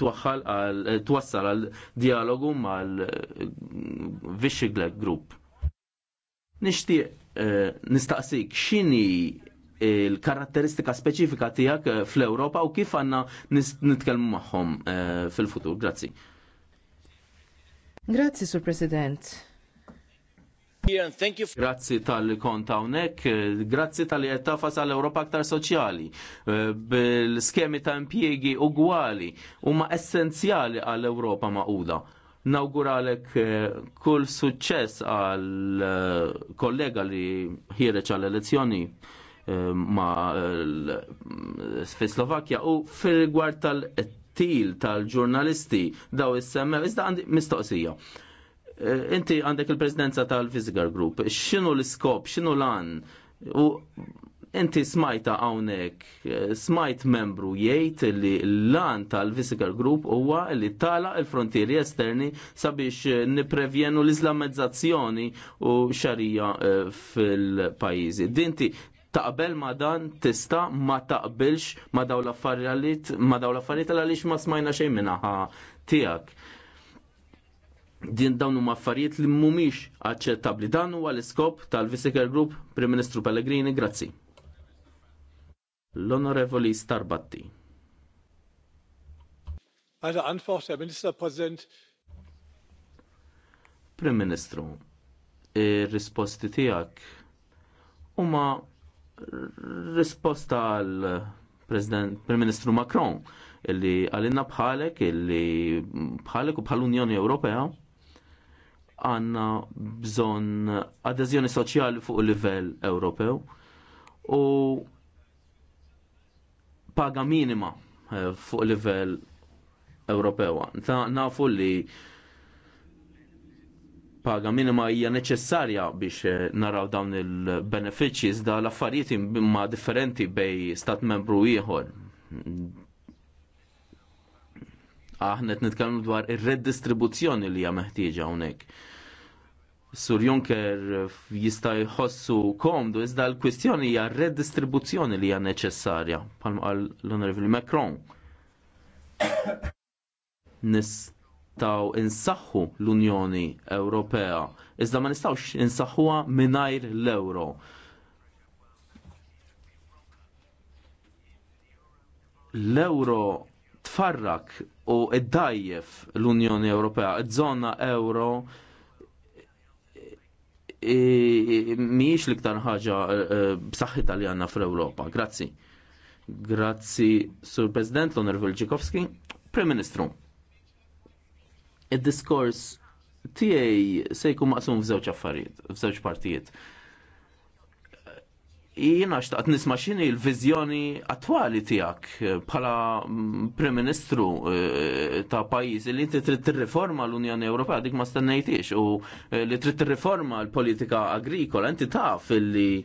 twaħħal għal eh, twassal għal dialogu mal eh, Vixiglek Group. Nixtieq eh, nistaqsik x'ini il-karatteristika speċifika tiegħek fl-Ewropa u kif għandna nitkellmu magħhom fil-futur. Grazzi. Grazzi, Sur President. Grazzi tal kont hawnhekk, eh, grazzi tal-li qed tafas għal Ewropa aktar soċjali eh, bil-skemi ta' impjiegi ugwali huma essenzjali għal Ewropa maquda. Nawguralek eh, kull suċċess għal kollega li ħireċ għal elezzjoni ma fi Slovakkja u fil-gwar tal-til tal-ġurnalisti daw is-semmew iżda għandi mistoqsija. Eh, inti għandek il-presidenza tal-Visigar Group, xinu l-iskop, xinu l-għan, u inti smajta għawnek, eh, smajt membru jgħid li l għan tal-Visigar Group huwa li tala il-frontieri esterni sabiex eh, niprevjenu l izlamizzazzjoni u xarija fil-pajizi. Dinti taqbel ma dan tista ma taqbilx ma daw l-affarijiet ma daw l-affarijiet għaliex ma smajna xejn minnaħa tiegħek din dawn huma affarijiet li mhumiex aċċettabbli dan huwa l-iskop tal-Visiker Group Prim Ministru Pellegrini, grazzi. L-Onorevoli Starbatti. Eine Antwort, Herr Ministerpräsident. Prim Ministru, il risposti tiegħek huma risposta għal President Prim Ministru Macron illi għalina bħalek illi bħalek u bħal Unjoni Ewropea għanna bżon adeżjoni soċjali fuq il-livell Ewropew u paga minima eh, fuq il-livell Ewropew. Nafu li paga minima hija neċessarja biex eh, naraw dawn il-benefiċċji iżda l-affarijiet imma differenti bej stat membru ieħor aħna qed nitkellmu dwar ir-redistribuzzjoni li hija meħtieġa hawnhekk. Sur Juncker jista' jħossu komdu iżda l-kwistjoni hija redistribuzzjoni li hija neċessarja bħalma qal l-Onorevoli Macron. Nistgħu insaħħu l-Unjoni Ewropea iżda ma nistgħux insaħħuha mingħajr l-euro. L-euro tfarrak u id-dajjef l-Unjoni Ewropea, id-żona euro miex liktar ħaġa eh, eh, b'saħħitha li għandna fl-Ewropa. Grazzi. Grazzi, Sur President Loner onorevol Prim Ministru, id-diskors tiegħi se jkun maqsum f'żewġ affarijiet, f'żewġ partijiet. Jiena xtaqt nisma xini l-vizjoni attwali tijak eh, bħala mm, Prim Ministru eh, ta' pajis li inti trid tirriforma l-Unjoni Ewropea dik ma stennejtix u eh, li trid tirriforma l-politika agrikola inti taf li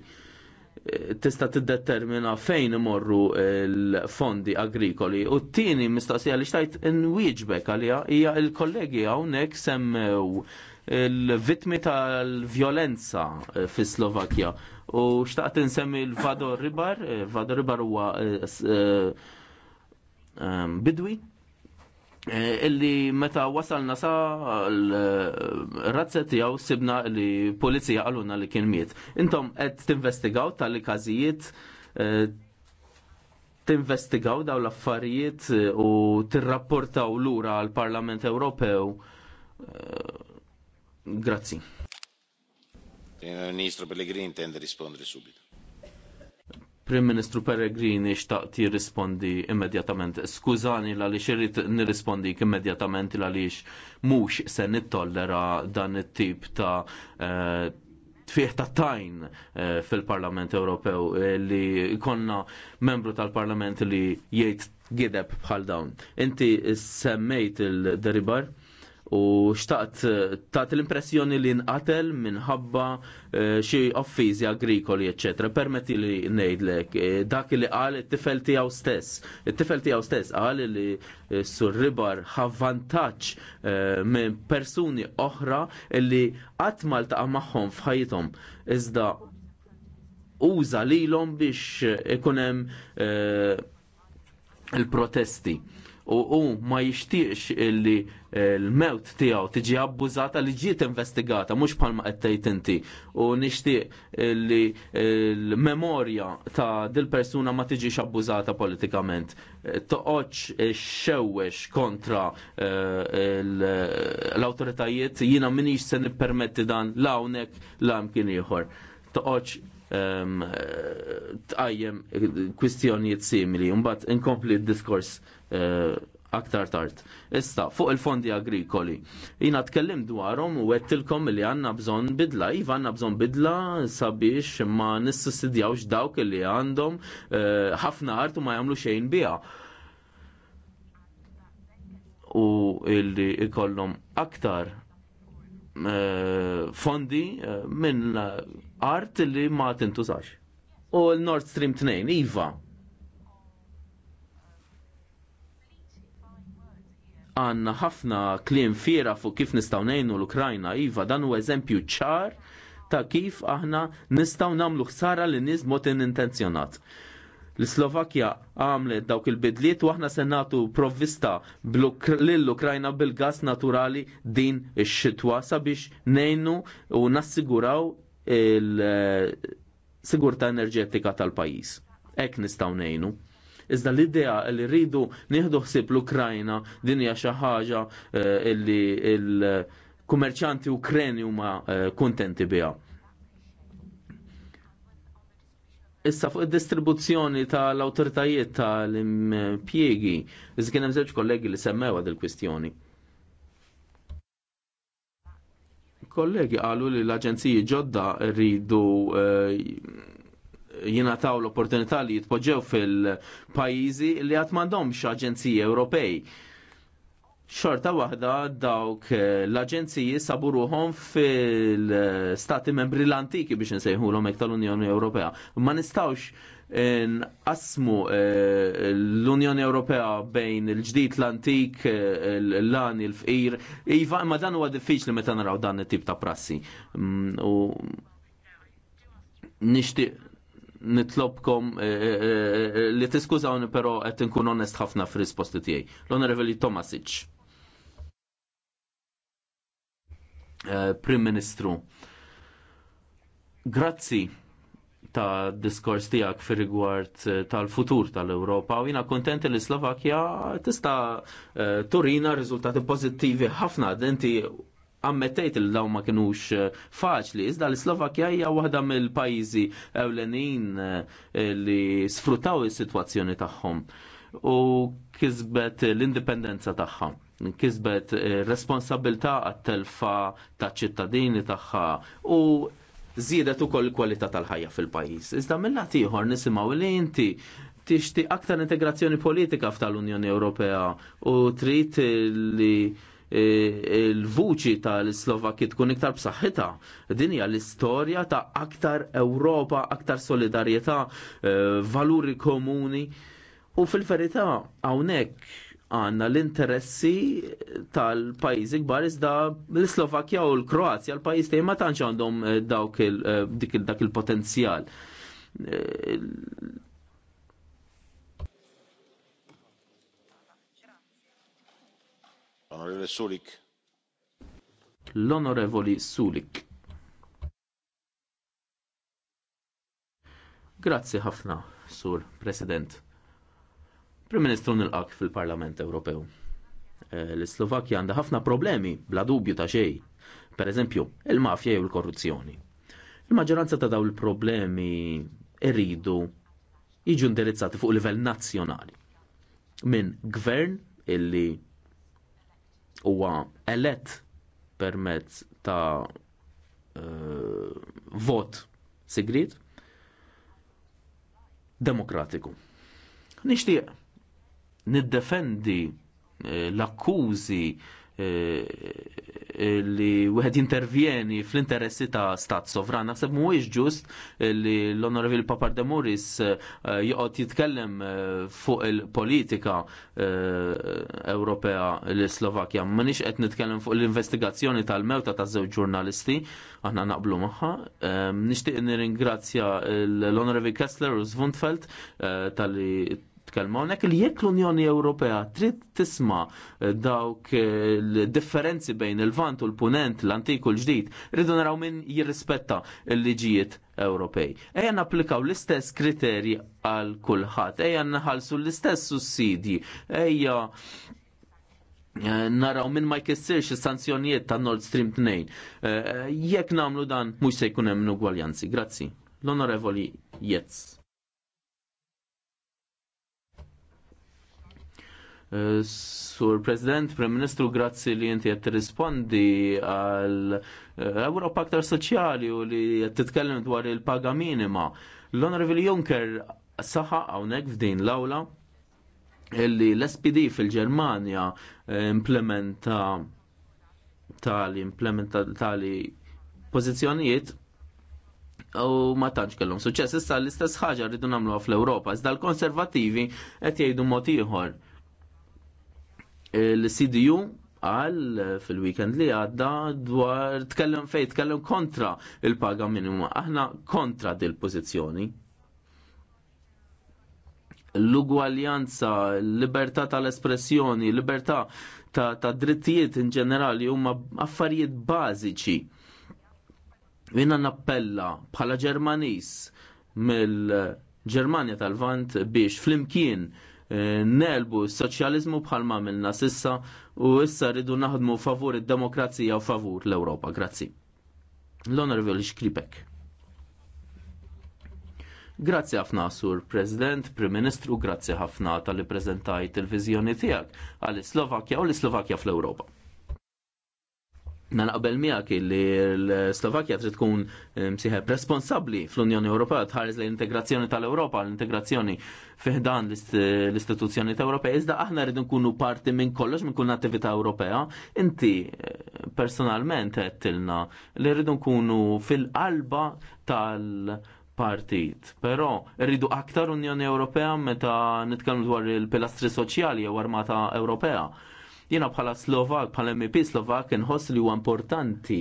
tista tiddetermina fejn imorru l-fondi agrikoli u t-tieni mistaqsija li xtajt inwieġbek għalija hija il-kollegi hawnhekk semmew il-vitmi tal-vjolenza fis slovakja U xtaqt insemmi l-Vador Ribar, eh, Vador Ribar huwa eh, eh, bidwi illi meta wasalna sa l-razzet jaw sibna li polizija għaluna li kien miet. Intom qed tinvestigaw tal-li kazijiet tinvestigaw daw l-affarijiet u tirrapportaw lura għal-Parlament Ewropew. Grazzi. Eh, Ministru Pellegrini tende rispondere subito. Prim Ministru Peregrini xtaqt jirrispondi immedjatament. Skużani la li xerrit nirrispondi immedjatament l għaliex mhux se nittollera dan it-tip ta' eh, tfieħ ta' tajn eh, fil-Parlament Ewropew li konna membru tal-Parlament li jgħid gideb bħal dawn. Inti semmejt il-deribar? u xtaqt tat l-impressjoni li nqatel minħabba eh, xi offizi agrikoli eċetera. Permetti li ngħidlek eh, dak li qal it-tifel tiegħu stess. It-tifel tiegħu stess qal li eh, sur ribar ħavvantaġġ minn persuni oħra li qatt ma ltaqa' magħhom f'ħajjithom. Iżda uża lilhom biex ikun hemm il-protesti u ma jixtieqx illi il-mewt tiegħu tiġi abbużata li ġiet investigata mhux bħalma qed tgħid inti u nixtieq li l-memorja ta' dil persuna ma tiġix abbużata politikament. Toqgħodx eh, xewwex kontra eh, l-awtoritajiet jiena minix se nippermetti dan lawnek hawnhekk la mkien ieħor. Toqgħodx ehm, tqajjem kwistjonijiet simili, mbagħad inkompli d-diskors eh, aktar tard. Issa, fuq il-fondi agrikoli, jina tkellim dwarhom u għettilkom li għanna bżon bidla, iva għanna bżon bidla sabiex ma nissussidjawx dawk li għandhom eh, ħafna art u ma jamlu xejn biha. U illi ikollhom aktar eh, fondi eh, minn art li ma tintużax. U l-Nord Stream 2, iva, għanna ħafna kliem fiera fuq kif nistgħu nejnu l-Ukrajna, iva dan huwa eżempju ċar ta' kif aħna nistgħu nagħmlu ħsara li nies mod intenzjonat. l slovakja għamlet dawk il-bidliet u aħna se nagħtu provvista lill-Ukrajna bil-gas naturali din ix-xitwa sabiex nejnu u nassiguraw il-sigurta eh, enerġetika tal-pajjiż. Hekk nistgħu ngħinu. Iżda l-idea li rridu nieħdu ħsieb l-Ukrajna din hija xi ħaġa eh, li l-kummerċanti Ukreni huma eh, kuntenti biha. Issa fuq id-distribuzzjoni tal-awtoritajiet tal-impjiegi, iżda kien hemm żewġ kollegi li għad il kwistjoni Kollegi qalu li l-aġenziji ġodda rridu eh, jinataw l-opportunità li jitpoġġew fil-pajizi li għatmandom mandomx aġenziji Ewropej. Xorta wahda dawk eh, l-aġenziji saburuħom fil-stati membri l-antiki biex nsejħulhom hekk tal-Unjoni Ewropea. Ma nistawx eh, asmu eh, l-Unjoni Ewropea bejn il-ġdid l-antik, l lan il fqir iva, ma dan huwa diffiċli meta naraw dan it-tip ta' prassi. Mm, u nixtieq nitlobkom eh, eh, eh, li tiskużawni però qed inkun onest ħafna fir-risposti tiegħi. L-Onorevoli Tomasic. Prim Ministru, grazzi ta' diskors tijak fir rigward tal-futur tal-Europa u jina kontent li Slovakja tista' turina riżultati pozittivi ħafna denti ammettejt il daw ma kienux eh, faċli, iżda l-Slovakja hija waħda mill-pajjiżi ewlenin eh, li sfruttaw is-sitwazzjoni tagħhom u kisbet l-indipendenza tagħha kisbet eh, responsabilità għat-telfa ta' ċittadini tagħha u żiedet ukoll kwalità tal-ħajja fil-pajjiż. Iżda mill-lat ieħor nisimgħu li inti tixti aktar integrazzjoni politika f'tal-Unjoni Ewropea u trid li il-vuċi tal-Slovakki tkun iktar b'saħħitha. Din hija l-istorja ta' aktar Ewropa, aktar solidarjetà, eh, valuri komuni. U fil-verità hawnhekk għanna l-interessi tal-pajjiżi kbar iżda l-Slovakkja u l-Kroazja l-pajjiż tej ma tantx għandhom eh, dawk eh, dak il-potenzjal Onorevole Sulik. L-Onorevoli Sulik. Grazzi ħafna, Sur President. Prim Ministru nilqak fil-Parlament Ewropew. Eh, L-Slovakja għandha ħafna problemi, bla dubju ta' xejn. Per eżempju, il-mafja jew il-korruzzjoni. Il-maġġoranza ta' dawn il-problemi irridu jiġu indirizzati fuq livell nazzjonali minn gvern illi huwa elett permezz ta' uh, vot sigrit demokratiku. Nixtieq niddefendi eh, l-akkużi Eh, eh, li wieħed jintervjeni fl-interessi ta' stat sovran. Naħseb mhuwiex ġust eh, li l-Onorevil Papardemuris joqgħod jitkellem fuq il-politika Ewropea l-Slovakja. M'għandix qed nitkellem fuq l-investigazzjoni tal-mewta ta' żewġ ġurnalisti, aħna naqblu magħha. Nixtieq nirringrazzja l-Onorevil Kessler u Zvuntfeld tal-li tkellmu hawnhekk li jekk l-Unjoni Ewropea trid tisma eh, dawk l-differenzi eh, bejn il-vant u l-punent, l-antik u l-ġdid, rridu naraw min jirrispetta l-liġijiet Ewropej. Ejja napplikaw l-istess kriterji għal kulħadd, ejja nħallsu l-istess sussidji, ejja eh, naraw minn ma jkissirx is-sanzjonijiet ta' Nord Stream 2. Jekk nagħmlu dan mhux se jkun hemm ugwaljanzi. Grazzi. L-Onorevoli Jets. Sur President, Prim Ministru, grazzi li inti qed tirrispondi għal Europa eh, aktar soċjali u li qed titkellem dwar il-paga minima. l honorable Juncker saħa hawnhekk f'din l-awla illi l-SPD fil-Ġermanja eh, implementa tali implementa tali pożizzjonijiet u ma tantx kellhom suċċess issa l-istess ħaġa rridu nagħmluha fl-Ewropa, iżda l-konservattivi qed jgħidu mod ieħor Il-CDU għal fil-weekend li għadda dwar tkellem fej, tkellem kontra il-paga minima. Aħna kontra dil pożizzjoni L-ugwaljanza, libertà tal-espressjoni, libertà ta', ta drittijiet in ġenerali huma affarijiet bażiċi. Jina nappella bħala Ġermanis mill-Ġermanja tal-Vant biex flimkien Eh, nelbu s-soċjalizmu bħalma minna sissa u issa rridu naħdmu favur id-demokrazija u favur l-Ewropa. Grazzi. L-Honorable Xkripek. Grazzi ħafna sur President, Prim Ministru, grazzi ħafna tal-li prezentaj il viżjoni tijak għal-Slovakja u l-Slovakja fl-Ewropa. Nanqabel miegħek li l slovakkja trid tkun eh, msieħeb responsabbli fl-Unjoni Ewropea tħares l-integrazzjoni tal-Ewropa, l-integrazzjoni fiħdan l-istituzzjoni Ewropea. Iżda aħna rridu nkunu parti minn kollox minn kull attività Ewropea. Inti eh, personalment għedtilna li rridu nkunu fil-qalba tal- partit. Però rridu aktar Unjoni Ewropea meta nitkellmu dwar il-pilastri soċjali jew armata Ewropea Jiena bħala Slovak, bħala MP Slovak nħoss li huwa importanti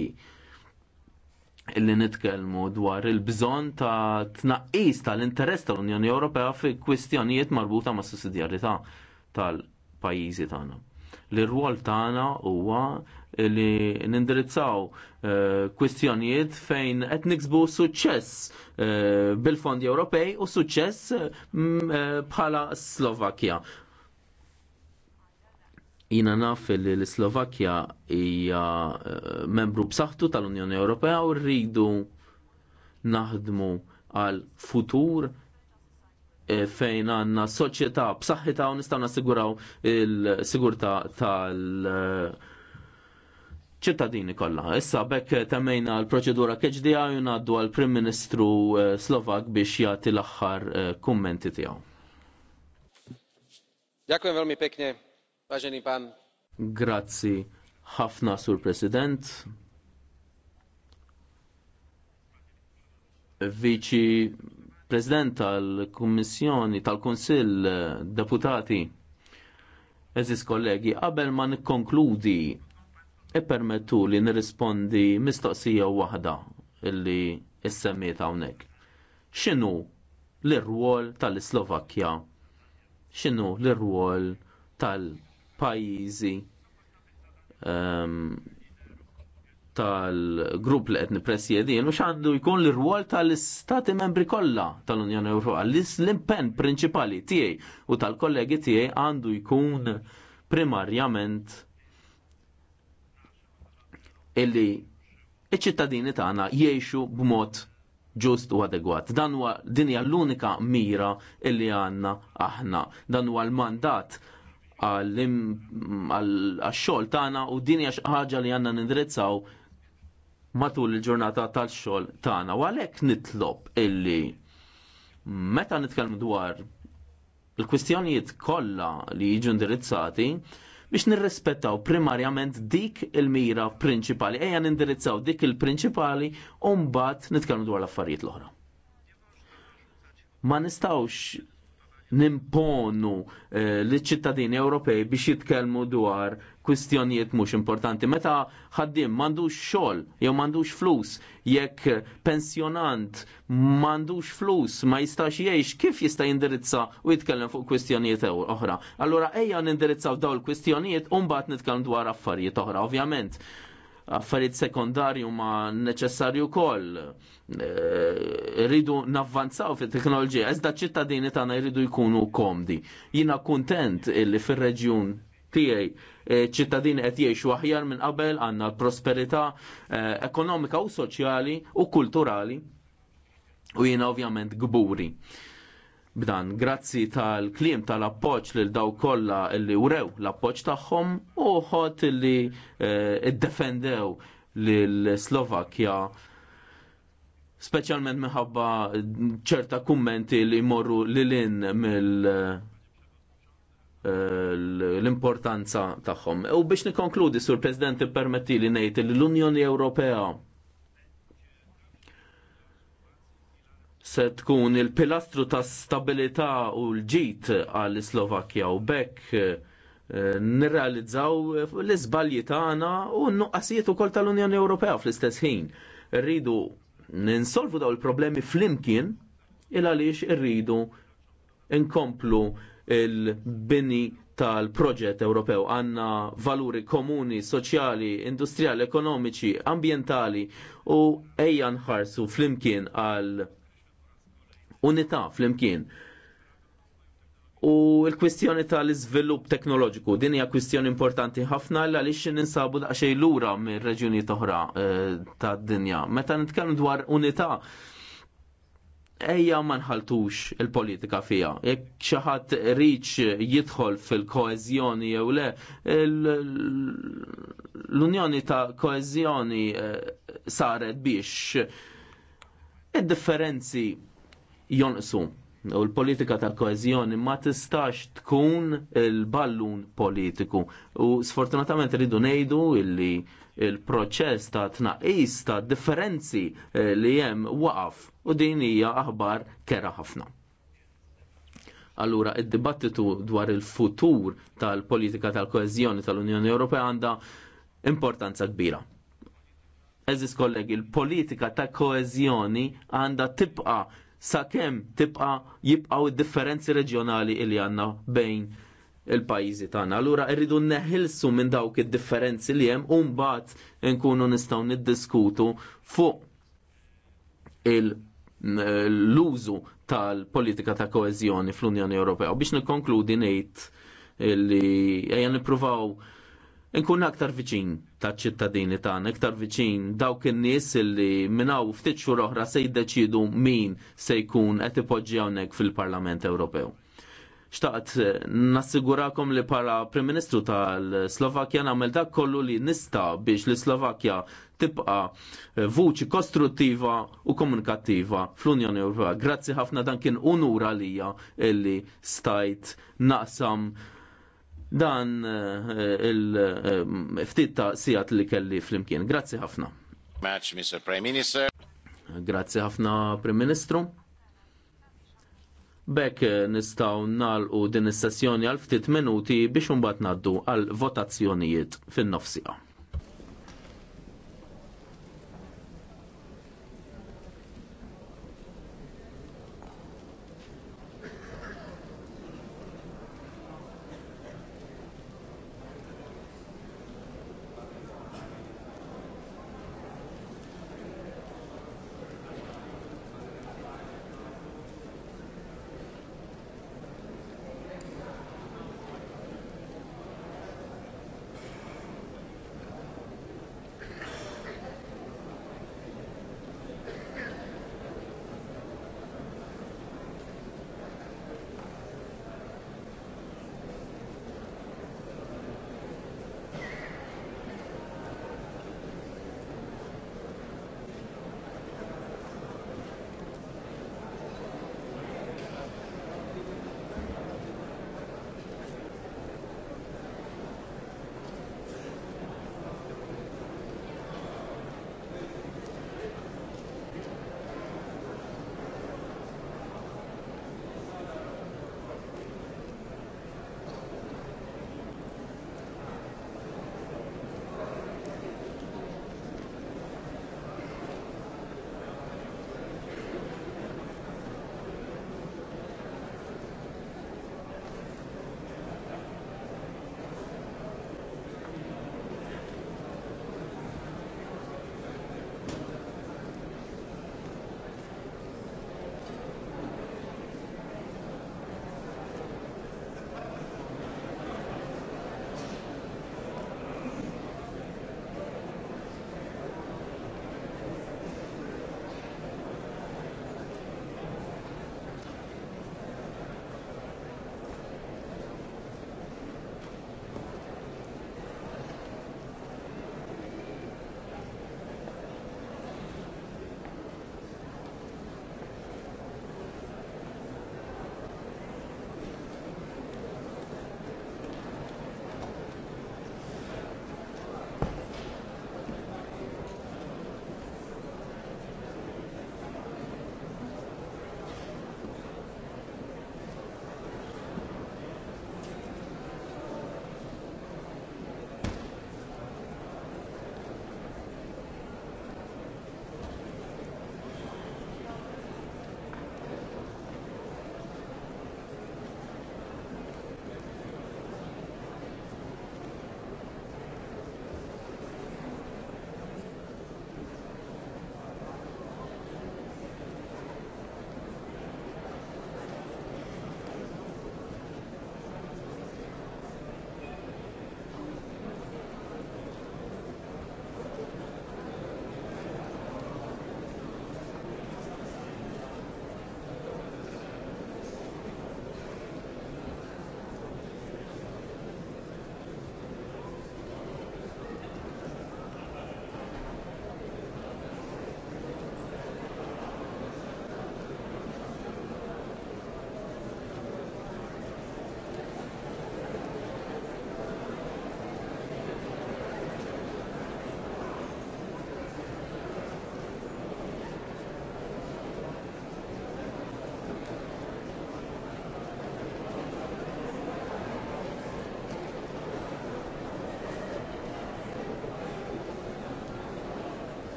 illi nitkellmu dwar il-bżonn ta' tnaqqis tal-interess tal-Unjoni Ewropea fi kwistjonijiet marbuta ma' sussidjarjetà tal-pajjiżi tagħna. L-irwol tagħna huwa li nindirizzaw eh, kwistjonijiet fejn qed niksbu suċċess eh, bil-fondi Ewropej u suċċess mm, eh, bħala Slovakkja. Jina naf li l slovakja hija eh, membru b'saħħtu tal-Unjoni Ewropea u rridu naħdmu għal futur eh, fejn għanna soċjetà b'saħħitha u nistgħu nassiguraw il-sigurtà tal ċittadini kollha. Issa bekk temmejna l-proċedura keġdija u ngħaddu għall prim Ministru eh, Slovak biex jagħti l-aħħar kummenti tiegħu. Dziękuję veľmi Grazzi ħafna sur President. Viċi President tal-Kummissjoni tal-Kunsill Deputati. Eżis kollegi, qabel ma nikkonkludi permettu li nirrispondi mistoqsija waħda illi issemmiet hawnhekk. X'inhu l-irwol tal-Slovakkja? X'inhu l-irwol tal-Slovakkja? pajjiżi um, tal-grupp li qed nippresjedin u x'għandu jkun l-rwol tal-istati membri kollha tal-Unjoni Ewropea. L-impenn prinċipali tiegħi u tal-kollegi tiegħi għandu jkun primarjament illi iċ-ċittadini tagħna jgħixu b'mod ġust u adegwat. Dan huwa din hija l-unika mira illi għandna aħna. Dan huwa l-mandat għal-xol tagħna u din hija ħaġa li għandna nindrizzaw matul il-ġurnata tal-xol tagħna. U għalhekk nitlob illi meta nitkellmu dwar il-kwistjonijiet kollha li jiġu indirizzati biex nirrispettaw primarjament dik il-mira prinċipali, ejja nindirizzaw dik il-prinċipali u mbagħad nitkellmu dwar l-affarijiet l-oħra. Ma nistawx nimponu eh, li ċittadini Ewropej biex jitkellmu dwar kwistjonijiet mhux importanti. Meta ħaddim m'għandux xogħol jew m'għandux flus, jekk pensjonant m'għandux flus ma jistax jgħix kif jista' jindirizza u jitkellem fuq kwistjonijiet oħra. Allura ejja nindirizzaw dawn il kwistjonijiet u mbagħad nitkellem dwar affarijiet oħra, ovvjament affarijiet sekondarju ma neċessarju wkoll. E, rridu navvanzaw fit teknoloġija iżda ċittadini tagħna jridu jkunu komdi. Jiena kuntent illi fir-reġjun tiegħi e, ċittadini qed jgħixu aħjar minn qabel għandna l-prosperità e, ekonomika u soċjali u kulturali u jiena ovvjament gburi b'dan. Grazzi tal-klim tal-appoċ lil daw kollha li wrew l-appoċ tagħhom u ħodt li eh, iddefendew lil Slovakkja speċjalment minħabba ċerta kummenti li jmorru lilin mill eh, l-importanza tagħhom. U biex nikonkludi, Sur President, permetti li ngħid li l-Unjoni Ewropea se tkun il-pilastru ta' stabilità u l-ġit għall slovakkja u bekk eh, nirrealizzaw l-izbalji tagħna u n-nuqqasijiet ukoll tal-Unjoni Ewropea fl-istess ħin. Rridu ninsolvu daw il-problemi flimkien il għaliex irridu nkomplu il-bini tal-proġett Ewropew għanna valuri komuni, soċjali, industrijali, ekonomiċi, ambientali u ejja nħarsu flimkien għal unità flimkien. U l-kwistjoni tal-iżvilupp teknoloġiku din hija kwistjoni importanti ħafna l għaliex ninsabu daqsxejn lura minn reġjuni oħra eh, tad-dinja. Meta nitkellmu dwar unità ejja ma nħaltux il-politika fija. Jekk xi ħadd riċ jidħol fil-koeżjoni jew le, l-Unjoni ta' koeżjoni eh, saret biex id-differenzi jonqsu. U l-politika ta' koezjoni ma tistax tkun il-ballun politiku. U sfortunatament rridu ngħidu illi il-proċess ta' tnaqis ta' differenzi eh, li hemm waqaf u din hija aħbar kera ħafna. Allura, id-dibattitu dwar il-futur tal-politika tal-koezjoni tal-Unjoni Ewropea għandha importanza kbira. Eżis kollegi, il-politika ta' koezjoni għandha tibqa' sakemm tibqa jibqgħu id-differenzi reġjonali li għandna bejn il-pajjiżi tagħna. Allura rridu neħilsu minn dawk id-differenzi li hemm u mbagħad nkunu nistgħu niddiskutu fuq l-użu tal-politika ta' koeżjoni fl-Unjoni Ewropea. U biex nikkonkludi ngħid li ejja nippruvaw nkun aktar viċin taċ ċittadini tagħna iktar viċin dawk in-nies li minnaw ftit xhur oħra se jiddeċidu min se jkun qed ipoġġi hawnhekk fil-Parlament Ewropew. Xtaqt eh, nassigurakom li para Prim Ministru tal-Slovakja nagħmel dak kollu li nista biex li Slovakja tibqa eh, vuċi kostruttiva u komunikattiva fl-Unjoni Ewropea. Grazzi ħafna dan kien unura lija illi stajt naqsam dan eh, il-ftit eh, ta' sijat li kelli fl-imkien. Grazzi ħafna. Match, Mr. Prime Minister. Grazzi ħafna, Prim Ministru. Bek eh, nistaw u din is-sessjoni għal ftit minuti biex imbagħad ngħaddu għal votazzjonijiet fin-nofsija.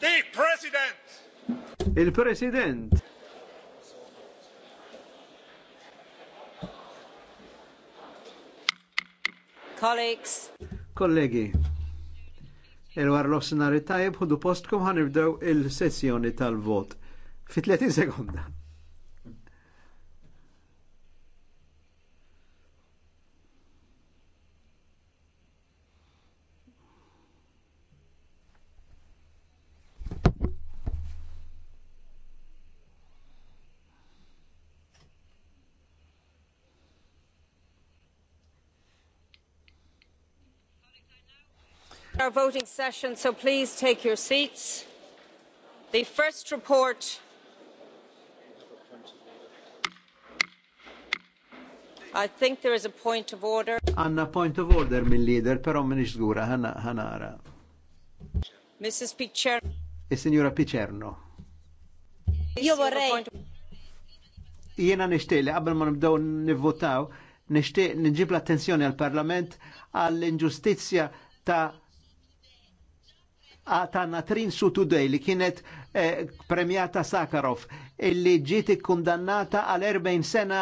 The President! Il-President! Colleagues. Kollegi, il-war l ossinari tajib, hudu postkom ħanibdew il-sessjoni tal-vot. Fi 30 sekonda. our voting session so please take your seats. the first report I think there is a point of order. anna point of order min leader però minix żgura ħanara. Mrs. Picerno. e signora e Picerno. Jo vorrei. Jiena nixtieq li qabel ma nibdew nivvotaw, nixtieq nġib l-attenzjoni għal-Parlament għall-inġustizzja ta' ta' Natrin Sutudej li kienet eh, premjata Sakharov illi ġiet kundannata għal 40 sena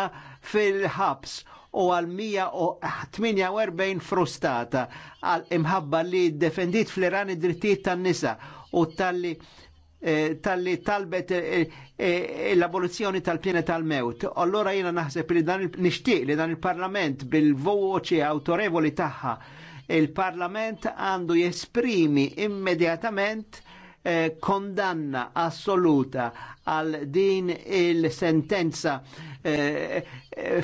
fil-ħabs u għal 148 frustata għal imħabba li defendit fl-Iran id-drittijiet tan-nisa u tal-li eh, tal-li talbet eh, eh, l-abolizzjoni tal pjene tal-mewt. Allora jina naħseb li dan il-nishtiq li dan il-parlament bil-voċi autorevoli taħħa il-Parlament għandu jesprimi immedjatament eh, kondanna assoluta għal din il-sentenza eh,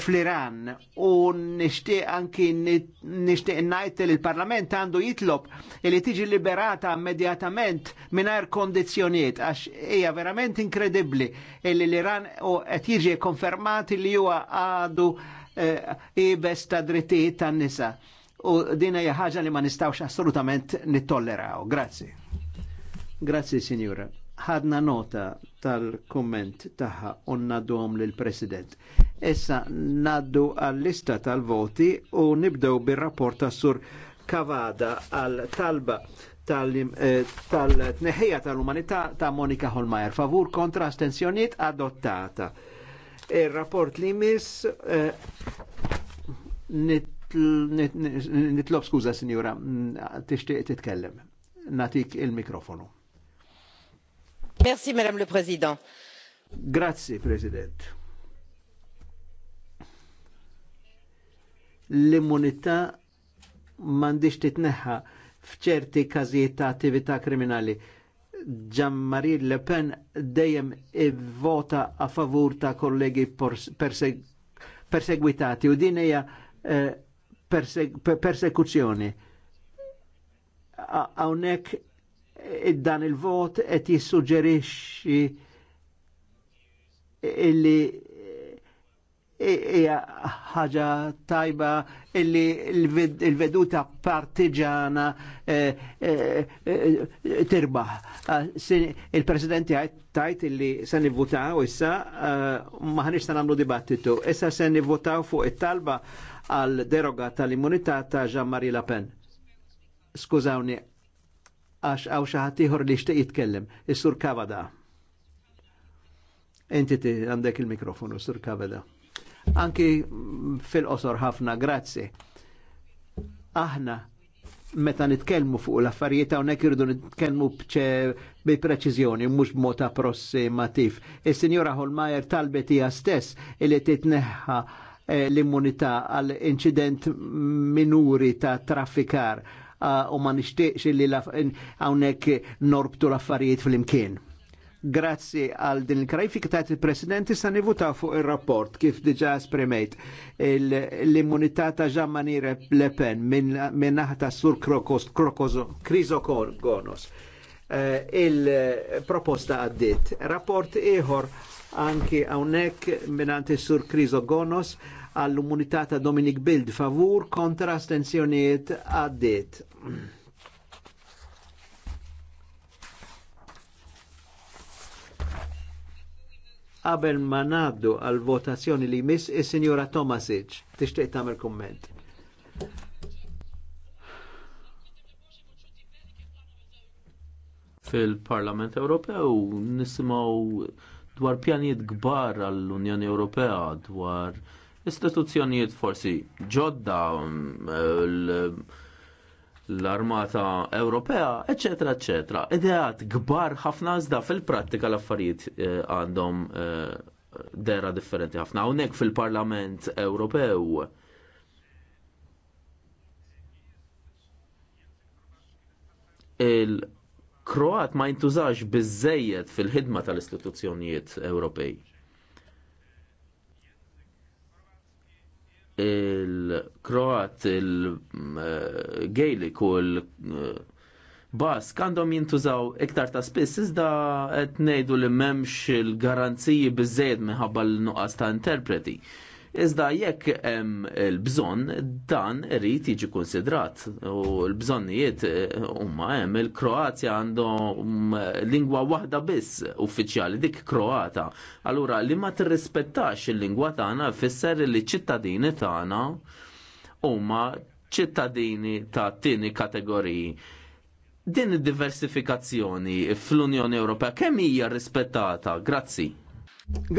fl-Iran u nishtiq anki nishtiq najt li l-Parlament għandu jitlob li tiġi liberata immedjatament minar kondizjoniet għax hija verament inkredibli li l-Iran u qed jiġi konfermati li huwa għadu eh, ibes ta' drittijiet tan-nisa u din hija ħaġa li ma nistawx assolutament nittolleraw. Grazzi. Grazzi, Sinjura. Ħadna nota tal-komment taħħa u naddum lill-President. Issa naddu għall-lista tal-voti u nibdew bir-rapport tas sur Kavada għal talba tal eh, tneħija tal-umanità ta' Monika Holmajer. Favur kontra astensjoniet adottata. Il-rapport li mis eh, Nitlob skuza sinjura, mm, tixtieq titkellem. Natik il-mikrofonu. Merci, Madame le Président. Grazzi, President. L-immunità mandiċ titneħħa f'ċerti kazijiet ta' attività kriminali. jean Le Pen dejjem vota a favur ta' kollegi perseguitati u din hija eh, persekuzzjoni. Għawnek id eh, dan il-vot et jissuġġerixxi illi eh, hija ħaġa tajba illi l-veduta partiġana eh, tirbaħ. Ah, il presidenti għajt tajt illi se nivvutaw issa ah, ma ħanix se nagħmlu dibattitu. Issa se nivvutaw fuq it-talba għal deroga tal-immunità ta' Jean-Marie Le Pen. Skużawni, għax għaw xaħatiħor li xteq jitkellem, is-sur Kavada. Entiti għandek il-mikrofonu, sur Kavada. Anki fil-qosor ħafna, grazzi. Aħna, meta nitkellmu fuq l-affarijiet hawnhekk irridu nitkellmu bi preċiżjoni mhux b'mod prossimativ. is Signora Holmajer talbet hija stess li titneħħa Eh, l-immunità għal incident minuri ta' traffikar ah, u ma nixtieqx li hawnhekk norbtu l-affarijiet fl-imkien. Grazzi għal din il krajfi kittajt il-President sa' nivutaw fuq il-rapport kif diġa spremejt l-immunità ta' jean Lepen Le Pen sur Krokos, Krizokonos. Eh, il-proposta għaddit. Rapport ieħor anki hawnhekk minn sur Krizogonos għall-immunità ta' Dominic Bild favur kontra astensjoniet għaddit. Qabel ma naddu għal votazzjoni li miss is-Sinjora Tomasic tixtieq tagħmel kumment. Fil-Parlament Ewropew nisimgħu dwar pjanijiet kbar għall-Unjoni Ewropea dwar istituzzjonijiet forsi ġodda um, l-Armata Ewropea, eccetera, eccetera. Ideat gbar ħafna zda fil-prattika l-affarijiet eh, għandhom eh, dera differenti ħafna. Hawnhekk fil-Parlament Ewropew il-Kroat ma jintużax biżejjed fil-ħidma tal-istituzzjonijiet Ewropej. il-Kroat, il-Gaelic u il-Bask għandhom jintużaw iktar ta' spiss, iżda qed ngħidu li m'hemmx il-garanziji biżejjed minħabba l-nuqqas ta' interpreti. Iżda jekk hemm il-bżonn dan irid jiġi konsidrat u l-bżonnijiet eh, huma hemm il-Kroazja għandhom eh, lingwa waħda biss uffiċjali dik Kroata. Allura li ma tirrispettax il-lingwa tagħna fisser li ċittadini tagħna huma ċittadini ta' tieni kategoriji. Din id-diversifikazzjoni fl-Unjoni Ewropea kemm hija rispettata? Grazzi.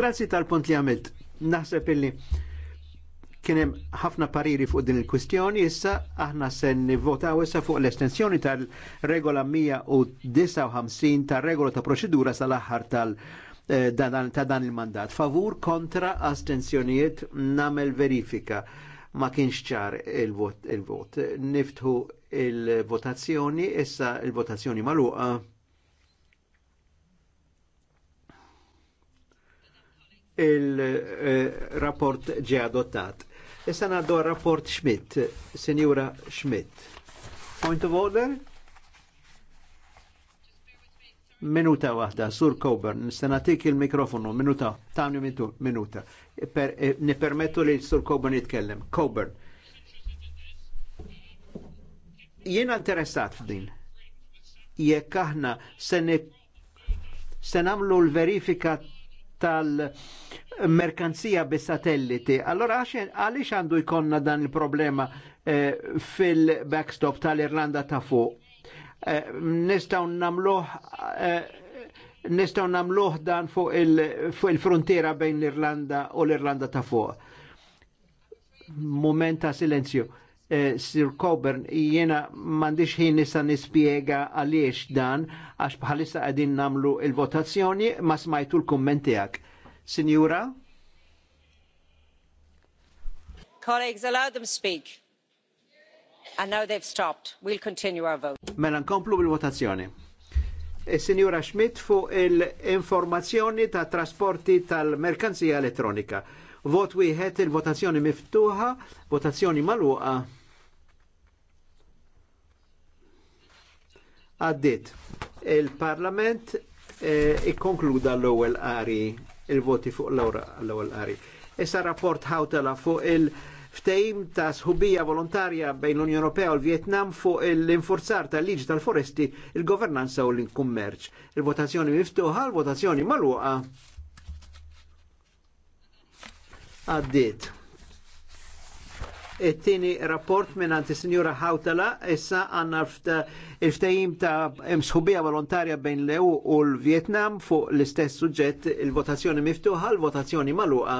Grazzi tal-punt li għamilt naħseb illi kienem ħafna pariri fuq din il-kwistjoni, issa aħna sen nivvotaw issa fuq l-estensjoni tal-regola 159 tal-regola ta' proċedura sal-aħħar tal- eh, ta' dan il-mandat. Favur kontra astenzjonijiet namel verifika. Ma kienx ċar il-vot. Il Niftħu il-votazzjoni, issa il-votazzjoni maluqa. il-rapport eh, ġi adottat. Issa għaddu rapport Schmidt, Senjura Schmidt. Point of order? Minuta wahda, Sur Coburn, nistanatik il-mikrofonu, minuta, tamni minuta, minuta. Per, eh, nipermettu li Sur Coburn jitkellem. Coburn. Jien interessat f'din. Jekk aħna se se namlu l-verifika tal merkanzija bis-satelliti. Allora għaliex għandu jkollna dan il-problema eh, fil-backstop tal-Irlanda ta' fuq? Eh, nistaw namluħ eh, nagħmluh dan fuq il-frontiera bejn l-Irlanda u l-Irlanda ta' fuq. Momenta ta' silenzju. Sir Coburn, jiena mandiċ ħin nista nispiega għaliex dan, għax bħalissa għedin namlu il-votazzjoni, ma smajtu l-kommentijak. Signora? Colleagues, allow them speak. And now they've stopped. We'll continue our vote. Mela nkomplu bil-votazzjoni. Is-Sinjura e, Schmidt fuq il-informazzjoni ta' trasporti tal-merkanzija elettronika. Vot wieħed il-votazzjoni miftuħa, votazzjoni magħluqa. Għaddit. Il-Parlament e, ikkonkluda e, l-ewwel qari il-voti fuq l-ewwel qari. Issa rapport ħawtela fuq il-ftejm ta' sħubija volontarja bejn l-Unjoni Ewropea u l-Vjetnam fuq l-infurzar tal-liġi tal-foresti, il-governanza u l-kummerċ. Il-votazzjoni miftuħa, l votazzjoni magħluqa. Għaddiet it-tieni rapport minn għanti Sinjura Hawtala issa għandna il-ftehim ta' msħubija volontarja bejn l-EU u l-Vietnam fuq l-istess suġġett il-votazzjoni miftuħa, l-votazzjoni maluqa.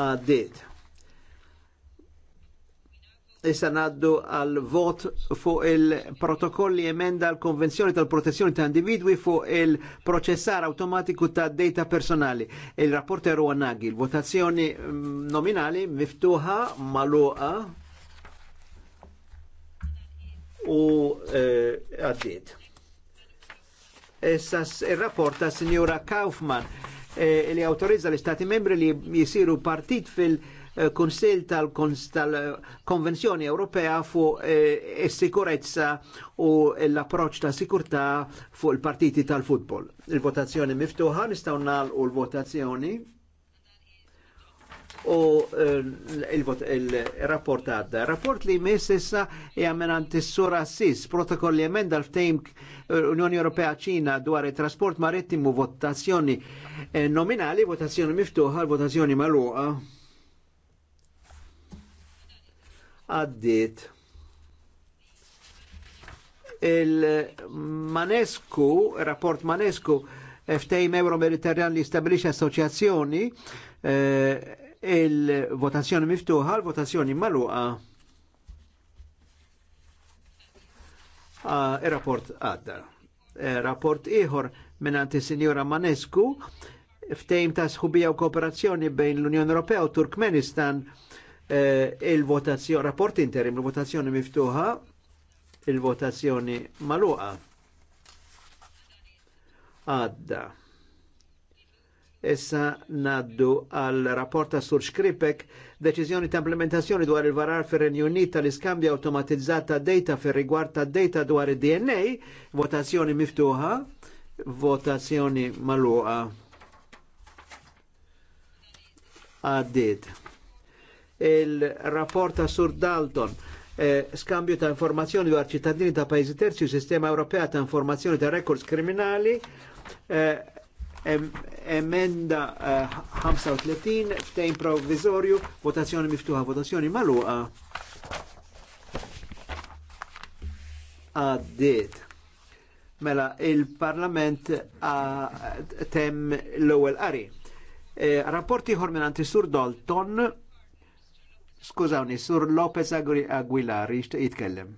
Għaddit. Issa naddu għal vot fuq il-protokolli emenda l konvenzjoni tal-protezzjoni ta' individwi fuq il-proċessar automatiku ta' data personali. Il-rapporter huwa Naghi. Votazzjoni mm, nominali miftuħa maluqa u eh, għaddiet. Issa il-rapport ta' Signora Kaufman eh, li autorizza l-Istati membri li jisiru partit fil- kunsil tal-Konvenzjoni Ewropea fuq eh, is-sikurezza u l-approċċ ta' sikurtà fuq il-partiti tal-futbol. Il-votazzjoni miftuħa nistgħu nagħlqu l-votazzjoni u eh, il-rapport għadda. Rapport li jmiss issa jgħamminant s-sura SIS, li emenda l-ftejm Unjoni Ewropea ċina dwar il-trasport marittimu votazzjoni eh, nominali, votazzjoni miftuħa, votazzjoni maluqa. għaddit il-Manesku, rapport Manesku, ftejm Euro Mediterran li stabilisce assoċjazzjoni, eh, il-votazzjoni miftuħa, l-votazzjoni maluqa. Ah, il-rapport għadda. Eh, rapport iħor minn anti-Sinjora Manesku, ftejm ta' sħubija u kooperazzjoni bejn l-Unjoni Ewropea u Turkmenistan Eh, il-votazzjoni, rapport interim, il-votazzjoni miftuħa, il-votazzjoni maluqa. Għadda. Issa naddu għal rapport ta' Sur Skripek, deċiżjoni ta' implementazzjoni dwar il-varar fir Unita tal-iskambja automatizzata data fir rigward ta' data dwar id-DNA, votazzjoni miftuħa, votazzjoni maluqa. Għaddit il-rapport ta' Sur Dalton eh, skambju ta' informazzjoni dwar ċittadini ta' pajjiżi terzi u sistema Ewropea ta' informazzjoni ta' rekords kriminali eh, emenda 35 eh, ftejn provvizorju votazzjoni miftuħa votazzjoni maluqa Għaddit. mela il-parlament tem l-ewwel qari. Rapporti ħor minn Sur Dalton Skużawni, Sur Lopez Aguilar, jishtiq jitkellem.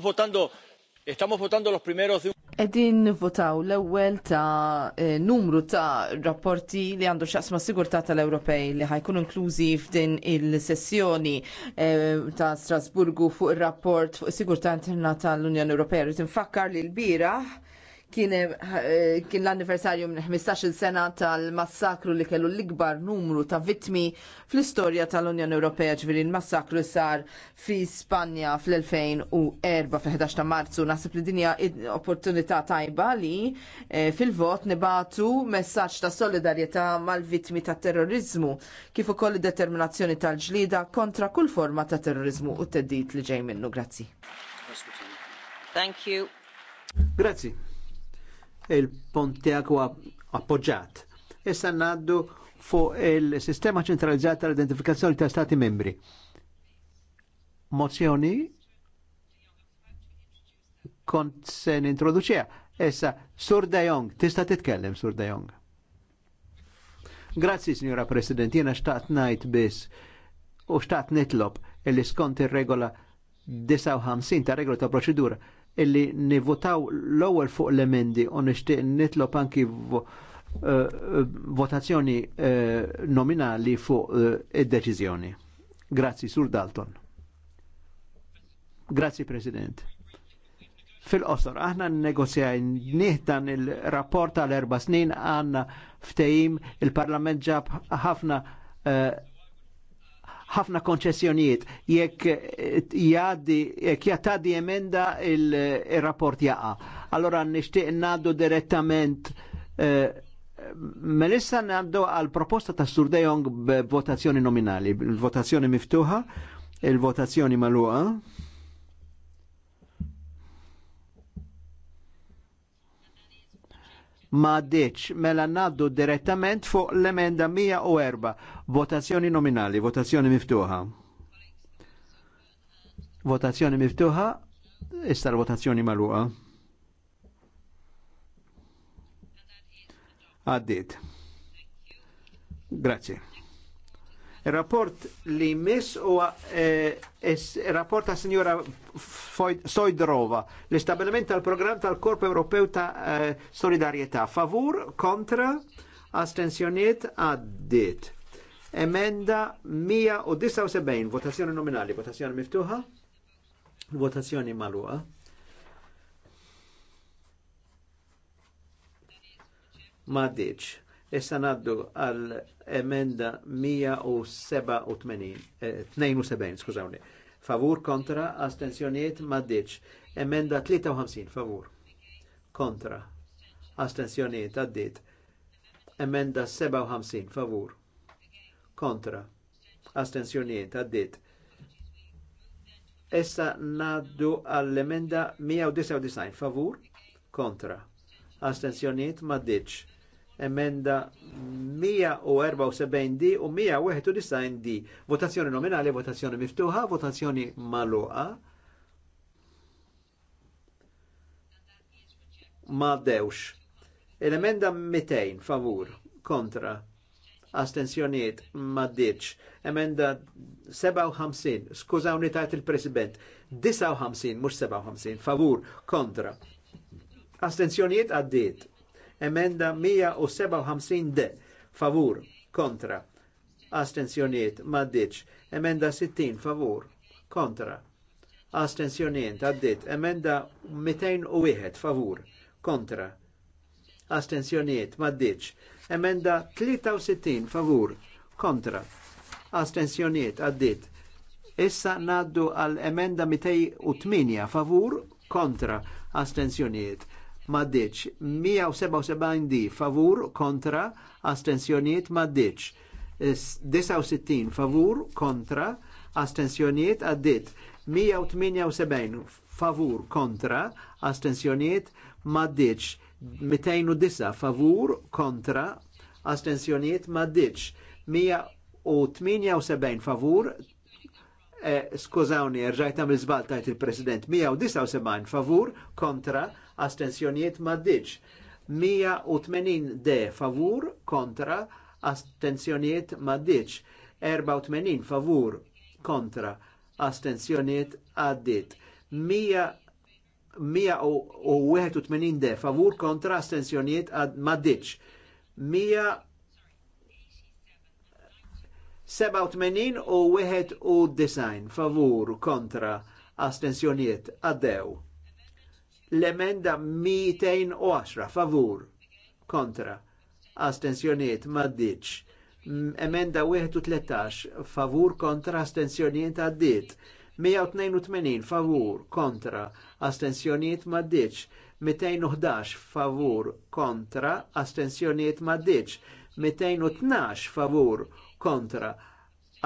Votando, estamos votando los primeros de Edin votaw l-ewwel ta' eh, numru ta' rapporti li għandu xaqsma sigurtà tal-Ewropej li ħajkun inklużi f'din il-sessjoni eh, ta' Strasburgu fuq ir rapport fuq sigurtà interna tal-Unjoni Ewropej. Rrid infakkar li l bira Eh, kien l-anniversarju minn 15-il sena tal-massakru li kellu l-ikbar numru ta' vittmi fl-istorja tal-Unjoni Ewropea ġviri l-massakru sar fi Spanja fl-2004 fl-11 ta' marzu. Nasib li dinja opportunità tajba li eh, fil-vot nibatu messaġġ ta' solidarjetà mal-vittmi ta' terrorizmu kif ukoll determinazzjoni tal-ġlida kontra kull forma ta' terrorizmu u t-teddit li ġej minnu. Grazzi. Thank you. Grazie il pontiak u appoġġat. Issa naddu fuq il-sistema ċentralizzata l identifikazzjoni ta' stati membri. Mozzjoni kont se nintroduċija. Issa, Sur Dajong, tista titkellem, Sur Dajong. Grazzi, signora President, jena xtaqt najt bis u xtaqt nitlob il-skont il-regola 59 ta' regola ta' proċedura illi nivotaw l-ewwel fuq l-emendi u nixtieq nitlob anki eh, eh, votazzjoni eh, nominali fuq id-deċiżjoni. Grazzi, Sur Dalton. Grazzi, President. Fil-qosor, aħna n negozjajn nieħdan il-rapport tal erba snin għanna ftejim il-Parlament ġab ħafna ħafna konċessjonijiet. Jekk eh, jgħaddi jekk jgħaddi emenda il-rapport jaqa. Allora nixtieq ngħaddu direttament eh, Melissa għandu għal proposta ta' Surdejong b'votazzjoni nominali, il-votazzjoni miftuħa, il-votazzjoni maluqa. ma deċ mela naddu direttament fuq l-emenda 104 votazzjoni nominali, votazzjoni miftuħa. Votazzjoni miftuħa, istar votazzjoni maluqa. Għaddit. Grazie. Rapport li miss u eh, rapport ta' signora Sojdrova, l-istabiliment tal program tal-Korp Ewropew ta' eh, Solidarietà. Favur, kontra, astensjoniet addit. Emenda 179, votazzjoni nominali, votazzjoni miftuħa, votazzjoni maluqa. Ma' Issa naddu għal emenda 172, eh, skużawni. Favur kontra, astensjoniet maddiċ. Emenda 53, favur. Kontra, astensjoniet għaddit. Emenda 57, favur. Kontra, astensjoniet għaddit. Issa naddu għall-emenda 199, favur. Kontra, astensjoniet maddiċ emenda 174 di u 191 di. Votazzjoni nominali, votazzjoni miftuħa, votazzjoni maluqa. Ma dewx. emenda 200 favur, kontra, astensjoniet ma ditx. Emenda 57, skuza tajt il-president, 59, mux 57, favur, kontra. Astensjoniet għaddit. Emenda 157 de. Favur. Kontra. Astenzjoniet. Maddiċ. Emenda 60. Favur. Kontra. Astenzjoniet. Addit. Emenda 201. Favur. Kontra. Astenzjoniet. Maddiċ. Emenda 63. Favur. Kontra. Astenzjoniet. Addit. Issa naddu għal emenda 208 favur kontra astensjoniet maddiċ. 177 di favur kontra astensjoniet maddiċ. 69 favur kontra astensjoniet għaddit. 178 favur kontra astensjoniet maddiċ. 209 favur kontra astensjoniet maddiċ. 178 favur Eh, skużawni, rġajt għamil zbaltajt il-President, 179 favur kontra astensjonijiet maddiċ. 180 de favur kontra astensjonijiet maddiċ. 84 favur kontra astensjonijiet għaddit. 181 de favur kontra astensjonijiet maddiċ. 187 u 1 u design favur kontra astensjonijiet għaddew l-emenda 210 favur kontra astensjoniet maddiċ. Emenda 13 favur kontra astensjoniet għaddit. 182 favur kontra astensjoniet maddiċ. 211 favur kontra astensjoniet maddiċ. 212 favur kontra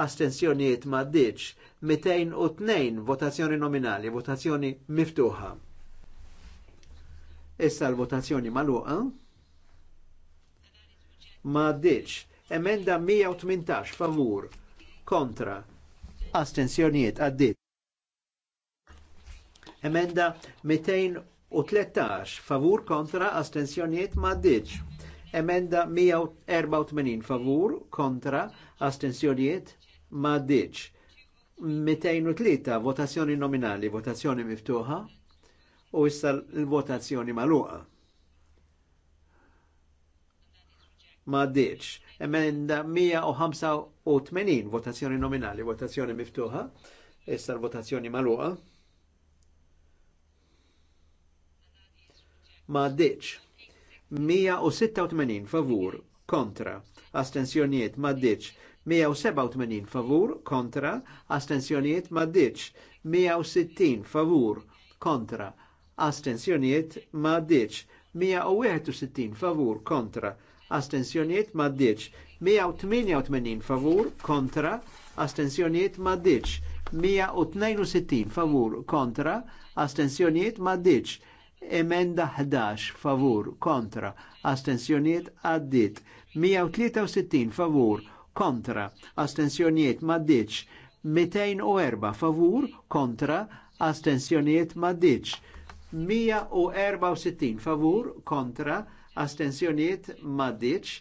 astensjoniet maddiċ. 202 votazzjoni nominali, votazzjoni miftuħa. Issa l-votazzjoni magħluqa? Ma ditx. Emenda 118 favur. Kontra. Astenzjonijiet għaddit. Emenda 213 favur kontra astenzjonijiet ma Emenda 184 favur kontra astenzjonijiet ma ddiċ. 203 votazzjoni nominali, votazzjoni miftuħa u issa l-votazzjoni maluqa. Ma ditx. Emenda 185 votazzjoni nominali, votazzjoni miftuħa, issa l-votazzjoni maluqa. Ma ditx. 186 favur kontra astensjoniet ma ditx 187 favur kontra astensjoniet ma ditx 160 favur kontra astensjoniet ma ddiċ 161 favur kontra astensjoniet ma ddiċ 188 favur kontra astensjoniet ma ddiċ 162 favur kontra astensjoniet ma ddiċ emenda 11 favur kontra astensjoniet għaddit 163 favur kontra astensjoniet ma ddiċ 204 favur kontra astensjoniet ma ddiċ 164 favur kontra astensjoniet maddiċ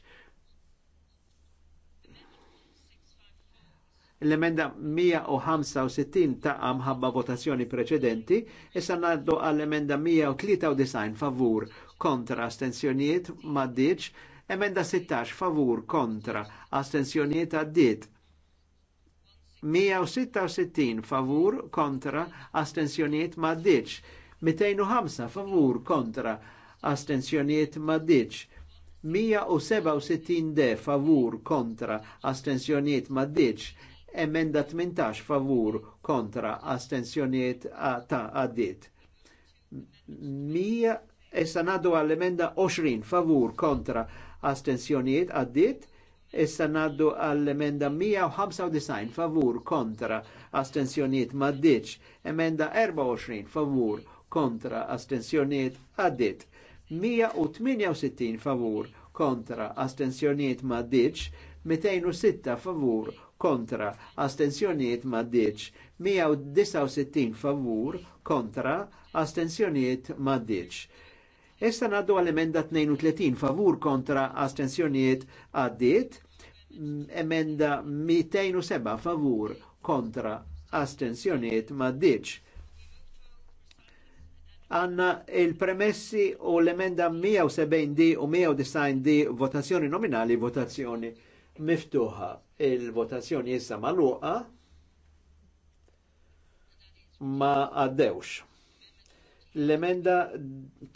l-emenda 165 ta' mħabba votazzjoni preċedenti, issa naddu għall-emenda 193 favur kontra astensjoniet maddiċ, emenda 16 favur kontra astensjoniet għaddit. 166 favur kontra astensjoniet maddiċ. 205 favur kontra astensjonijiet maddiċ 167 de favur kontra astensjoniet maddiċ emenda 18 favur kontra astensjonijiet ta' għaddit. Mija issa naddu għall-emenda 20 favur kontra astensjonijiet għaddit issa naddu għall-emenda 195 favur kontra astensjoniet maddiċ, emenda 24 favur kontra astensjoniet għaddit. 168 favur kontra astensjoniet ma 206 favur kontra astensjoniet ma 169 favur kontra astensjoniet ma Issa naddu għal-emenda 32 favur kontra astensjoniet għaddit, emenda 207 favur kontra astensjoniet ma għanna il-premessi u l-emenda 170 di u 190 di votazzjoni nominali, votazzjoni miftuħa. Il-votazzjoni jissa maluqa ma għaddewx. L-emenda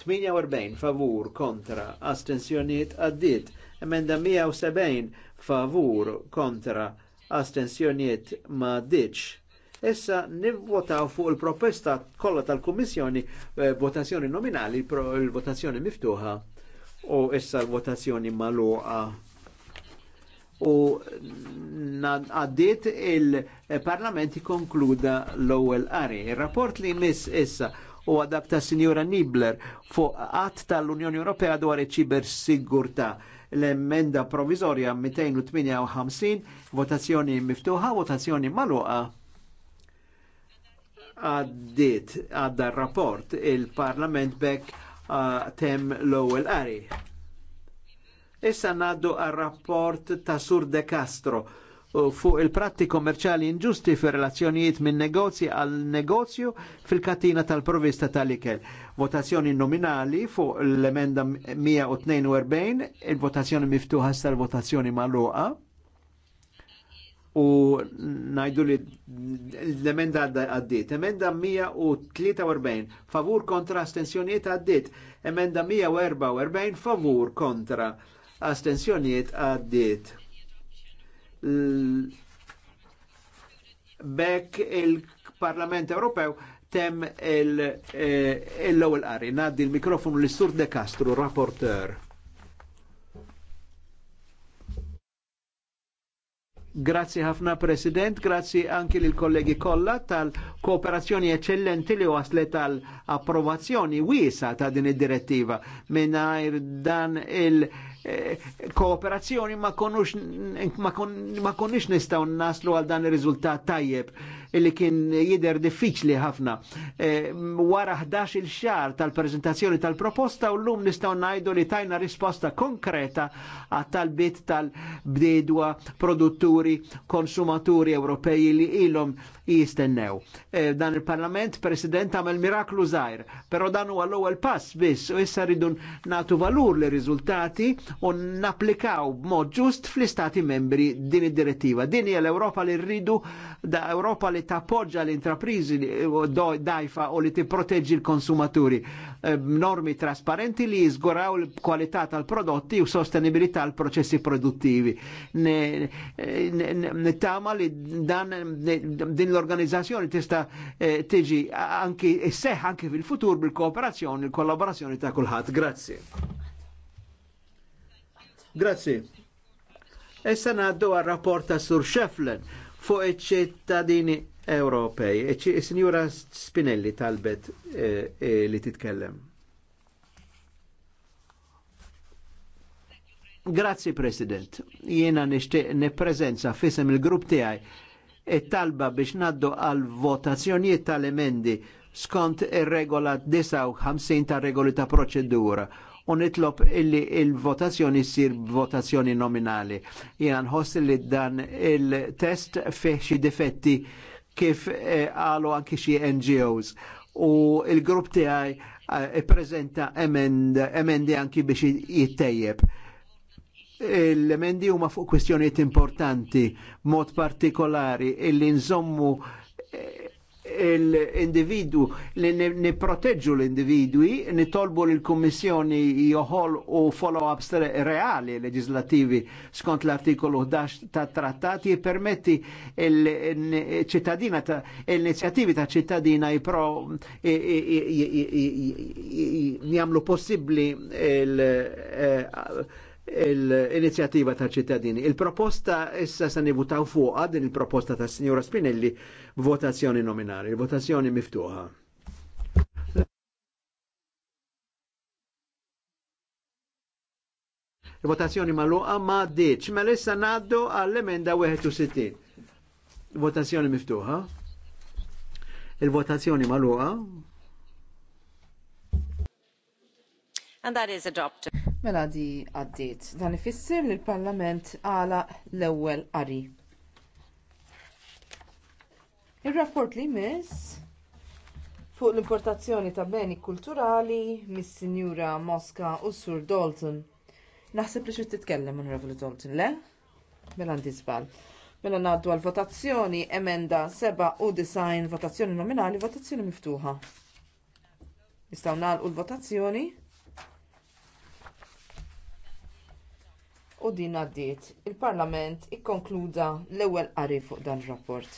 48 favur kontra astensjoniet għaddit. Emenda 170 favur kontra astensjoniet ma ditx Issa nivvotaw fuq il-proposta kollha tal-Kummissjoni eh, votazzjoni nominali, il-votazzjoni miftuħa u issa l-votazzjoni maluqa. U għaddiet il-Parlament konkluda l-ewwel qari. ir rapport li miss issa u adapta ta' Sinjora Nibler fuq għat tal-Unjoni Ewropea dwar iċiber sigurta l-emenda provizorja 258, votazzjoni miftuħa, votazzjoni maluqa għaddit għadda rapport il-Parlament bekk uh, tem l-ewwel qari. Issa ngħaddu għar-rapport ta' Sur De Castro uh, fuq il-pratti kommerċali inġusti fir relazzjonijiet minn negozji għal negozju fil-katina tal-provista tal-ikel. Votazzjoni nominali fuq l-emenda 142, il-votazzjoni miftuħa sal-votazzjoni magħluqa u najdu li l-emenda għaddit. Emenda 143 favur kontra astensjoniet għaddit. Emenda 144 favur kontra astensjoniet għaddit. Bek il-Parlament Ewropew tem eh, il-lowel il qari. Naddi il-mikrofonu l-Sur De Castro, rapporteur. Grazzi ħafna President, grazzi anki lil kollegi kollha tal-kooperazzjoni eccellenti li waslet tal-approvazzjoni wiesa ta' din id-direttiva mingħajr dan il- eh, kooperazzjoni ma konux ma konniex nistgħu naslu għal dan ir-riżultat tajjeb illi kien jider diffiċli ħafna. E, wara 11 il xar tal-prezentazzjoni tal-proposta u l-lum nistaw najdu li tajna risposta konkreta għat tal-bit tal-bdedwa produtturi, konsumaturi Ewropej li ilhom jistennew. E, dan il-Parlament, President, għamel miraklu zaħir, pero dan huwa l-ewwel pass biss u issa ridu natu valur li riżultati u naplikaw b'mod ġust fl-istati membri din id-direttiva. Din hija l europa li rridu da Ewropa li tappoġġa l-intraprizi dajfa u li tipproteġġi l-konsumaturi. Eh, normi trasparenti li jizguraw l-kwalità tal-prodotti u sostenibilità l-proċessi produttivi. Nittama li dan din l-organizzazzjoni tista eh, tiġi anki seħ anki fil-futur bil-kooperazzjoni, il-kollaborazzjoni ta' kulħadd. Grazzi. Grazzi. Issa naddu għal rapport ta' Sur Shefflin fuq iċ-ċittadini Ewropej. E signora Spinelli talbet e, e, li titkellem. Grazzi President, jiena nishtiq neprezenza fisem il-grupp tiegħi e talba biex naddu għal votazzjonijiet tal-emendi skont ir-regola 59 ta' regoli ta' proċedura u nitlob illi il-votazzjoni sir votazzjoni nominali. Jena nħoss li dan il-test fih xi difetti kif għalu eh, anki xi NGOs u il-grupp tiegħi eh, prezenta emendi anki biex jittejjeb l-emendi huma fuq kwestjonijiet importanti, mod partikolari, illi nżommu eh, l-individu, li niproteġu l-individwi, nitolbu l-Kommissjoni joħol u follow-ups reali leġislativi skont l-artikolu 11 ta' trattat jipermetti l-ċittadina, l-inizjativi ta' ċittadina jipro jamlu possibli l-inizjattiva ta' ċittadini. Il-proposta issa se nivutaw fuqa din il-proposta ta' Signora Spinelli votazzjoni nominali, votazzjoni miftuħa. Votazzjoni maluqa ma' diċ, ma' mela issa naddu għall-emenda 61. Votazzjoni miftuħa. Il-votazzjoni maluqa. And that is adopted Mela di għaddiet. Dan ifisser li l-Parlament għala l-ewwel qari. Ir-rapport li miss fuq l-importazzjoni ta' beni kulturali mis-Sinjura Mosca u Sur Dalton. Naħseb li xi titkellem Onorevoli Dalton, le? Mela għandi żball. Mela ngħaddu għal votazzjoni emenda 7 u design votazzjoni nominali votazzjoni miftuħa. Nistgħu nagħlqu l-votazzjoni. u din għaddiet. Il-Parlament ikkonkluda l-ewwel qari fuq dan ir-rapport.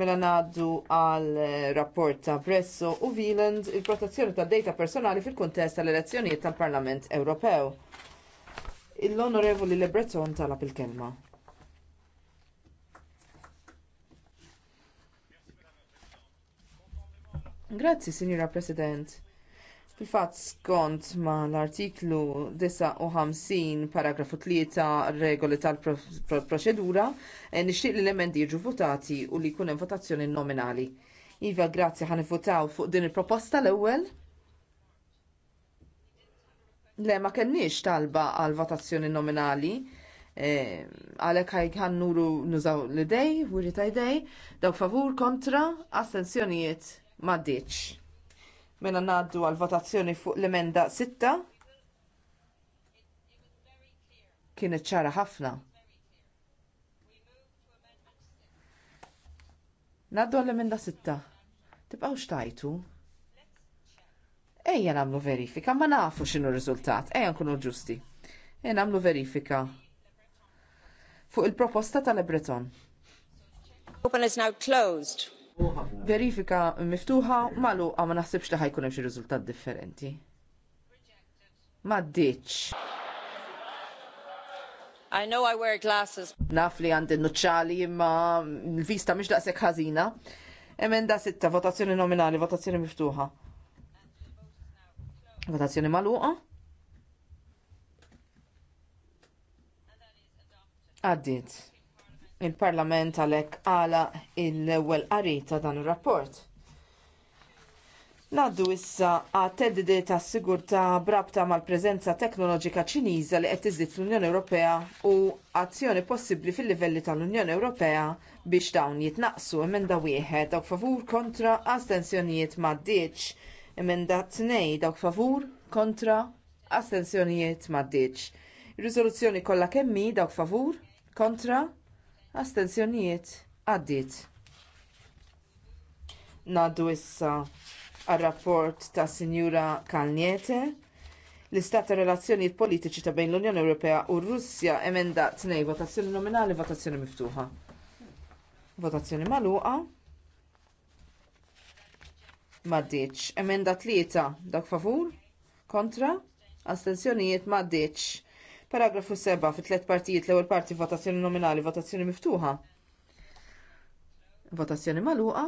Mela ngħaddu għal rapport ta' Bresso u Wieland il-protezzjoni tad data personali fil-kuntest tal-elezzjonijiet tal-Parlament Ewropew. Il-Onorevoli Lebreton talab il-kelma. Grazzi, Signora President Fil-fatt skont ma l-artiklu 59 paragrafu 3 regoli tal-proċedura, eh, nixtieq li l-emendi jiġu votati u li jkun hemm votazzjoni nominali. Iva, grazzi ħan votaw fuq din il-proposta l-ewwel. Le, ma kenniex talba għal votazzjoni nominali. Eh, Għalek e, ħan nuru nużaw l-idej, wuri ta' idej, daw favur kontra, astensjonijiet ma' Mela ngħaddu għal votazzjoni fuq l-emenda 6. Kienet ċara ħafna. Ngħaddu għal emenda 6. Tibqaw xtajtu. Ejja nagħmlu verifika, ma nafu x'inhu rizultat, ejja nkunu ġusti. Ejja nagħmlu verifika fuq il-proposta tal-Ebreton. Open is now closed. Verifika miftuħa magħluqa ma naħsibx li ħajkun hemm xi riżultat differenti. Maddiċ. I know I wear glasses. Naf li għandi nuċċali imma l-vista mhix daqshekk ħażina. Emenda sitta, votazzjoni nominali, votazzjoni miftuħa. Votazzjoni magħluqa. Għaddit. Il-Parlament għalhekk għala l-ewwel qari ta' dan ir-rapport. Naddu issa għat teddi ta' sigurta brabta mal-preżenza teknoloġika ċiniża li qed tiżid l unjoni Ewropea u azzjoni possibbli fil-livelli tal-Unjoni Ewropea biex dawn jitnaqsu emenda wieħed dawk favur kontra astensjonijiet m'għaddiex. Emenda t-nej dawk favur kontra astensjonijiet m'għaddiex. Ir-riżoluzzjoni kollha kemm hi dawk favur kontra astenzjonijiet għaddiet. Ngħaddu issa għar-rapport ta' Sinjura Kalniete l-istat ta' relazzjonijiet politiċi ta' bejn l-Unjoni Ewropea u r-Russja emenda tnej votazzjoni nominali votazzjoni miftuħa. Votazzjoni magħluqa. Maddiċ. Emenda tlieta dak favur? Kontra? Astenzjonijiet maddiċ. Paragrafu 7 fi tliet partijiet l-ewwel parti votazzjoni nominali, votazzjoni miftuħa. Votazzjoni magħluqa.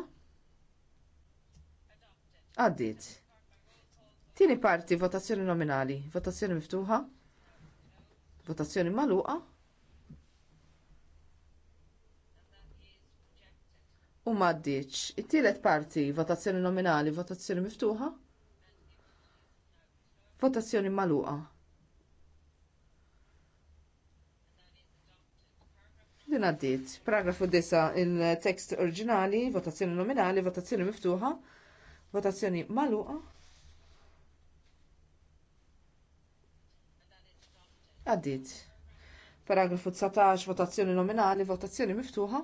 Għaddiet. Tieni parti votazzjoni nominali, votazzjoni miftuħa. Votazzjoni magħluqa. U maddiċ, it-tielet parti, votazzjoni nominali, votazzjoni miftuħa, votazzjoni maluqa. Din għaddit. Paragrafu 9 il-tekst oriġinali, votazzjoni nominali, votazzjoni miftuħa, votazzjoni maluqa. Għaddit. Paragrafu 19, votazzjoni nominali, votazzjoni miftuħa,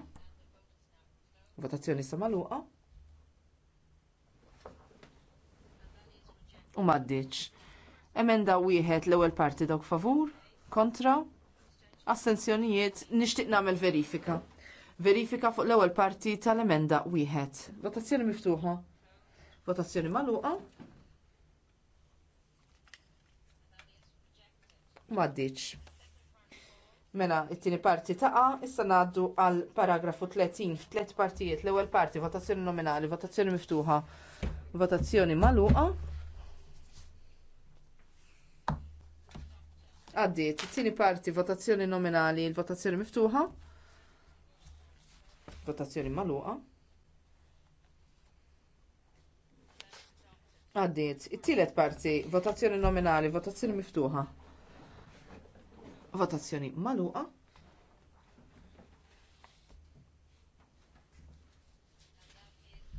votazzjoni sa maluqa. U maddiċ. Emenda wieħed l-ewwel parti dawk favur, kontra, Assenzjonijiet nixtieq nagħmel verifika. Verifika fuq l-ewwel parti tal-emenda wieħed. Votazzjoni miftuħa. Votazzjoni magħluqa. Maddiċ. Mela, it-tieni parti taqa, issa ngħaddu għal paragrafu 30 f'tlet partijiet. L-ewwel parti votazzjoni nominali, votazzjoni miftuħa, votazzjoni magħluqa. għaddiet. Tieni parti votazzjoni nominali, il-votazzjoni miftuħa. Votazzjoni magħluqa. Għaddiet. It-tielet parti votazzjoni nominali, votazzjoni miftuħa. Votazzjoni magħluqa.